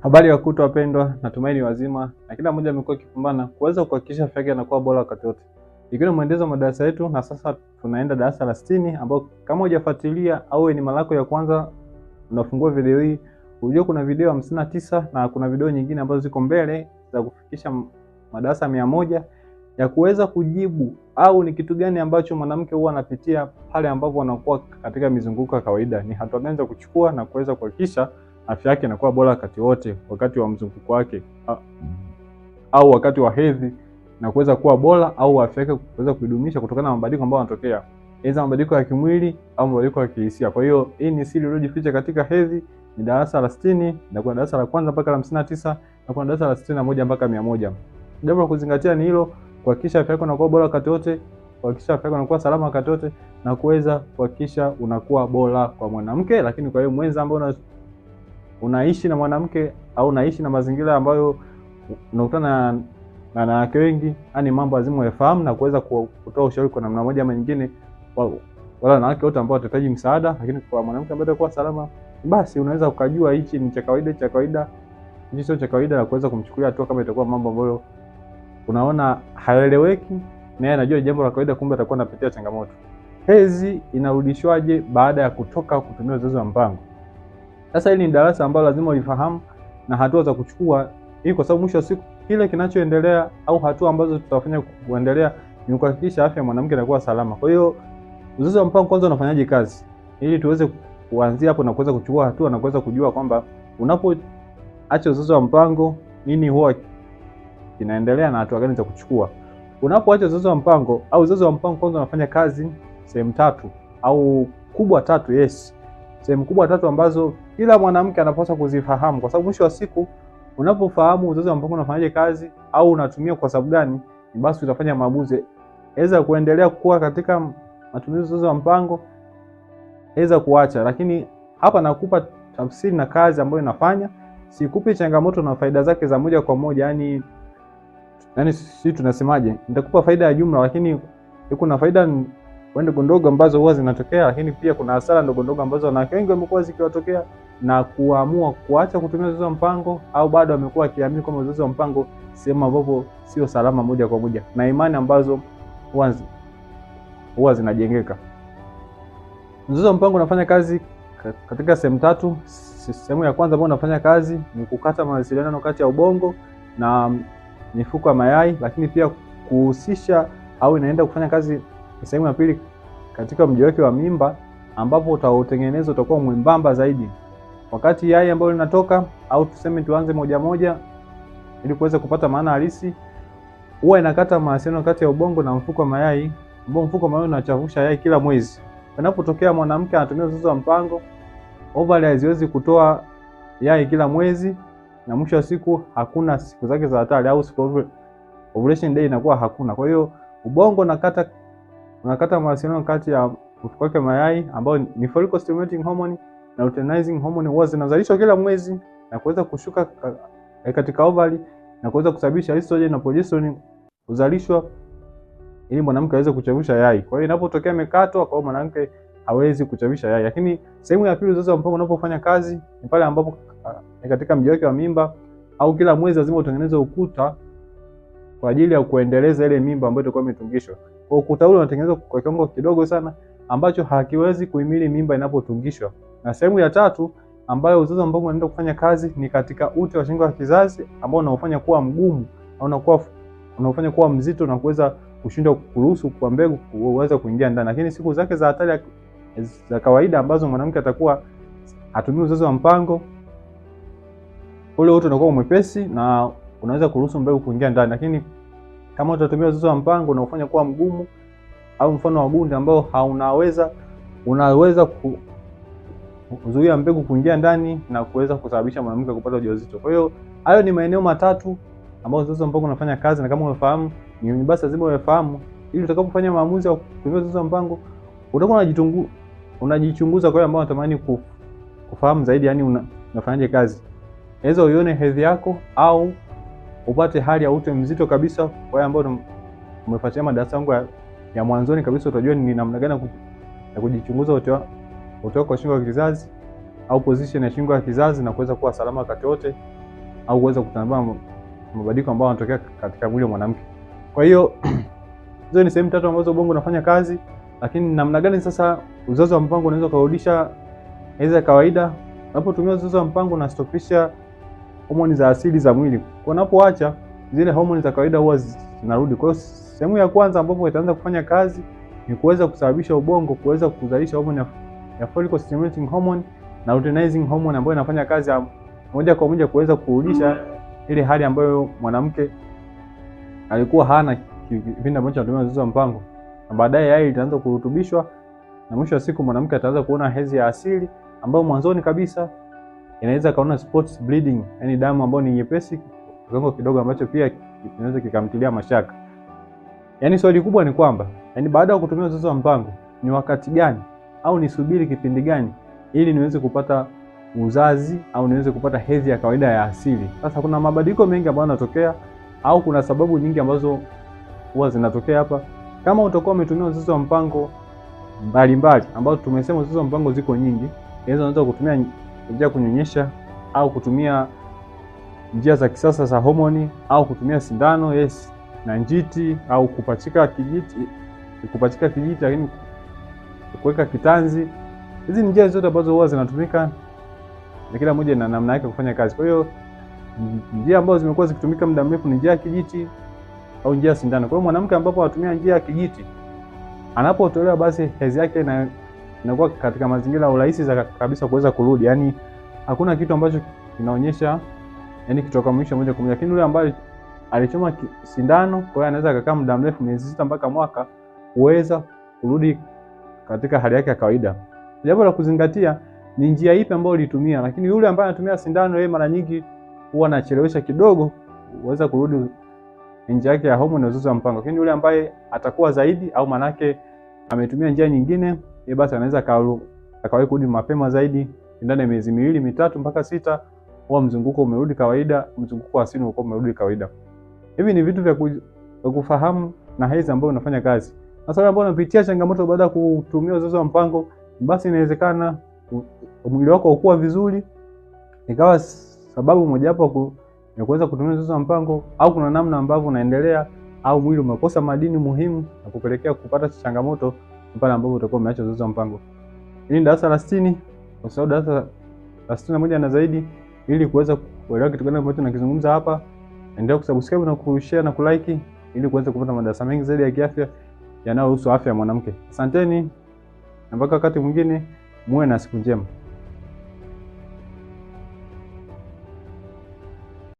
Habari ya kutu wapendwa, natumaini wazima na kila mmoja amekuwa akipambana kuweza kuhakikisha afya yake inakuwa bora wakati wote, ikiwa ni mwendelezo wa madarasa yetu, na sasa tunaenda darasa la 60 ambapo kama hujafuatilia au ni mara yako ya kwanza unafungua video hii, unajua kuna video hamsini na tisa na kuna video nyingine ambazo ziko mbele za kufikisha madarasa mia moja ya kuweza kujibu au ni kitu gani ambacho mwanamke huwa anapitia pale ambapo anakuwa katika mizunguko ya kawaida, ni hatua gani za kuchukua na kuweza kuhakikisha afya yake inakuwa bora wakati wote, wakati wa mzunguko wake au wakati wa hedhi, na kuweza kuwa bora au afya yake kuweza kuidumisha kutokana na mabadiliko ambayo yanatokea, aidha mabadiliko ya kimwili au mabadiliko ya kihisia. Kwa hiyo hii ni siri iliyojificha katika hedhi. Ni darasa la 60 na kuna darasa la kwanza mpaka la 59 na kuna darasa la 61 mpaka 100. Jambo la kuzingatia ni hilo, kuhakikisha afya yako inakuwa bora wakati wote, kuhakikisha afya yako inakuwa salama wakati wote na kuweza kuhakikisha unakuwa bora kwa mwanamke, lakini kwa hiyo mwenza ambao unaishi na mwanamke au unaishi na mazingira ambayo unakutana na wanawake wengi, yani mambo lazima uyafahamu na kuweza kutoa ushauri kwa namna moja ama nyingine, wala wanawake wote ambao watahitaji msaada. Lakini kwa mwanamke ambaye atakuwa salama, basi unaweza ukajua hichi ni cha kawaida cha kawaida, hichi sio cha kawaida, na kuweza kumchukulia hatua kama itakuwa mambo ambayo unaona haeleweki, na yeye anajua jambo la kawaida, kumbe atakuwa anapitia changamoto. Hezi inarudishwaje baada ya kutoka kutumia uzazi wa mpango? Sasa hili ni darasa ambalo lazima ulifahamu na hatua za kuchukua, ili kwa sababu mwisho wa siku kile kinachoendelea au hatua ambazo tutafanya kuendelea ni kuhakikisha afya ya mwanamke inakuwa salama. Kwa hiyo uzazi wa mpango kwanza unafanyaje kazi, ili tuweze kuanzia hapo na kuweza kuchukua hatua na kuweza kujua kwamba unapoacha uzazi wa mpango nini huwa kinaendelea na hatua gani za kuchukua. Unapoacha uzazi wa mpango au uzazi wa mpango kwanza unafanya kazi sehemu tatu au kubwa tatu, yes, sehemu kubwa tatu ambazo kila mwanamke anapaswa kuzifahamu, kwa sababu mwisho wa siku unapofahamu uzazi wa mpango unafanyaje kazi au unatumia kwa sababu gani, basi utafanya maamuzi aweza kuendelea kuwa katika matumizi uzazi wa mpango, aweza kuacha. Lakini hapa nakupa tafsiri na kazi ambayo inafanya, sikupi changamoto na faida zake za moja kwa moja, yani yani sisi tunasemaje, nitakupa faida ya jumla, lakini kuna faida ndogo ndogo ambazo huwa zinatokea, lakini pia kuna hasara ndogo ndogo ambazo wanawake wengi wamekuwa zikiwatokea na kuamua kuacha kutumia uzazi wa mpango au bado amekuwa akiamini kwamba uzazi wa mpango sehemu ambapo sio salama moja kwa moja, na imani ambazo huwa zinajengeka. Uzazi wa mpango unafanya kazi katika sehemu tatu. Sehemu ya kwanza ambayo unafanya kazi ni kukata mawasiliano kati ya ubongo na mifuko ya mayai, lakini pia kuhusisha au inaenda kufanya kazi sehemu ya pili katika mji wake wa mimba ambapo utautengeneza utakuwa mwembamba zaidi wakati yai ambalo linatoka au tuseme tuanze moja moja, ili kuweza kupata maana halisi, huwa inakata mahusiano kati ya ubongo na mfuko wa mayai, ambao mfuko wa mayai unachavusha yai kila mwezi. Inapotokea mwanamke anatumia uzazi wa mpango, ovary haziwezi kutoa yai kila mwezi, na mwisho wa siku hakuna siku zake za hatari au siku ovulation day inakuwa hakuna. Kwa hiyo ubongo unakata unakata mahusiano kati ya mfuko wake mayai ambao ni follicle stimulating hormone na luteinizing hormone huwa zinazalishwa kila mwezi na kuweza kushuka eh, katika ovari na kuweza kusababisha estrogen na progesterone kuzalishwa ili mwanamke aweze kuchavusha yai. Kwa hiyo inapotokea mekato kwa hiyo mwanamke hawezi kuchavusha yai. Lakini sehemu ya pili, uzazi wa mpango unapofanya kazi ni pale ambapo ah, katika mji wake wa mimba au kila mwezi lazima utengeneze ukuta kwa ajili ya kuendeleza ile mimba ambayo itakuwa imetungishwa. Kwa ukuta ule unatengenezwa kwa kiwango kidogo sana ambacho hakiwezi kuhimili mimba inapotungishwa. Na sehemu ya tatu ambayo uzazi ambao unaenda kufanya kazi ni katika uti wa shingo ya kizazi ambao unaofanya kuwa mgumu au unakuwa unaofanya kuwa mzito na kuweza kushindwa kuruhusu kwa mbegu kuweza kuingia ndani. Lakini siku zake za hatari za kawaida ambazo mwanamke atakuwa hatumii uzazi wa mpango, ule ute unakuwa mwepesi na unaweza kuruhusu mbegu kuingia ndani. Lakini kama utatumia uzazi wa mpango na ufanya kuwa mgumu au mfano wa gundi ambao haunaweza unaweza kuzuia mbegu kuingia ndani na kuweza kusababisha mwanamke kupata ujauzito. Kwa hiyo hayo ni maeneo matatu ambayo uzazi wa mpango unafanya kazi, na kama umefahamu ni basi lazima umefahamu, ili utakapofanya maamuzi ya kutumia uzazi wa mpango utakuwa unajitungu unajichunguza. Kwa hiyo ambao unatamani kufahamu zaidi, yani una, unafanyaje kazi, aweza uione hedhi yako au upate hali ya uto mzito kabisa. Kwa hiyo ambao umefuatia madarasa yangu ya, ya mwanzoni kabisa utajua ni namna gani ya kujichunguza ute kutoka kwa shingo ya kizazi au position ya shingo ya kizazi na kuweza kuwa salama wakati wote au kuweza kutambua mabadiliko ambayo yanatokea katika mwili wa mwanamke. Kwa hiyo hizo ni sehemu tatu ambazo ubongo unafanya kazi, lakini namna gani sasa uzazi wa mpango unaweza kurudisha hizo ya kawaida? Unapotumia uzazi wa mpango na stopisha homoni za asili za mwili. Kwa unapoacha zile homoni za kawaida huwa zinarudi. Kwa hiyo sehemu ya kwanza ambapo itaanza kufanya kazi ni kuweza kusababisha ubongo kuweza kuzalisha homoni ya follicle stimulating hormone na luteinizing hormone ambayo inafanya kazi ya moja kwa moja kuweza kurudisha mm. ile hali ambayo mwanamke alikuwa hana kipindi ambacho anatumia uzazi wa mpango, na baadaye yai itaanza kurutubishwa na mwisho wa siku mwanamke ataanza kuona hedhi ya asili ambayo mwanzoni kabisa inaweza kaona spots bleeding, yani damu ambayo ni nyepesi, kiwango kidogo ambacho pia kinaweza kikamtilia mashaka. Yani swali kubwa ni kwamba, yani baada ya kutumia uzazi wa mpango ni wakati gani au nisubiri kipindi gani ili niweze kupata uzazi au niweze kupata hedhi ya kawaida ya asili. Sasa kuna mabadiliko mengi ambayo yanatokea au kuna sababu nyingi ambazo huwa zinatokea hapa. Kama utakuwa umetumia uzazi wa mpango mbalimbali, ambao tumesema uzazi wa mpango ziko nyingi, inaweza unaweza kutumia njia kunyonyesha au kutumia njia za kisasa za homoni au kutumia sindano, yes, na njiti au kupachika kijiti, kupachika kijiti lakini kuweka kitanzi. Hizi ni njia zote ambazo huwa zinatumika na kila mmoja na namna yake kufanya kazi. Kwa hiyo njia ambazo zimekuwa zikitumika muda mrefu ni njia ya kijiti au njia ya sindano. Kwa hiyo mwanamke ambapo anatumia njia ya kijiti anapotolewa, basi hedhi yake na inakuwa katika mazingira ya urahisi za kabisa kuweza kurudi, yaani hakuna kitu ambacho kinaonyesha yaani kitoka mwisho moja kwa moja, lakini yule ambaye alichoma sindano, kwa hiyo anaweza akakaa muda mrefu, miezi sita mpaka mwaka, huweza kurudi katika hali yake ya kawaida. Jambo la kuzingatia ni njia ipi ambayo ulitumia, lakini yule ambaye anatumia sindano, yeye mara nyingi huwa anachelewesha kidogo uweza kurudi njia yake ya homoni na uzazi wa mpango. Lakini yule ambaye atakuwa zaidi au manake ametumia njia nyingine, yeye basi anaweza akawahi kurudi mapema zaidi ndani ya miezi miwili mitatu mpaka sita, huwa mzunguko umerudi kawaida, mzunguko wa sini uko umerudi kawaida. Hivi ni vitu vya kufahamu na hedhi ambayo unafanya kazi. Hasa ambao unapitia changamoto baada ya kutumia uzazi wa mpango, basi inawezekana mwili wako ukua vizuri, ikawa sababu mojawapo ya kuweza kutumia uzazi wa mpango, au kuna namna ambavyo unaendelea au mwili umekosa madini muhimu na kupelekea kupata changamoto pale ambapo utakuwa umeacha uzazi wa mpango. Hili ni darasa la 60 kwa sababu darasa la 61 na zaidi, ili kuweza kuelewa kitu gani ambacho nakizungumza hapa, endelea kusubscribe na kushare na kulike ili kuweza kupata madarasa mengi zaidi ya kiafya yanayohusu afya ya mwanamke. Asanteni na mpaka wakati mwingine, muwe na siku njema.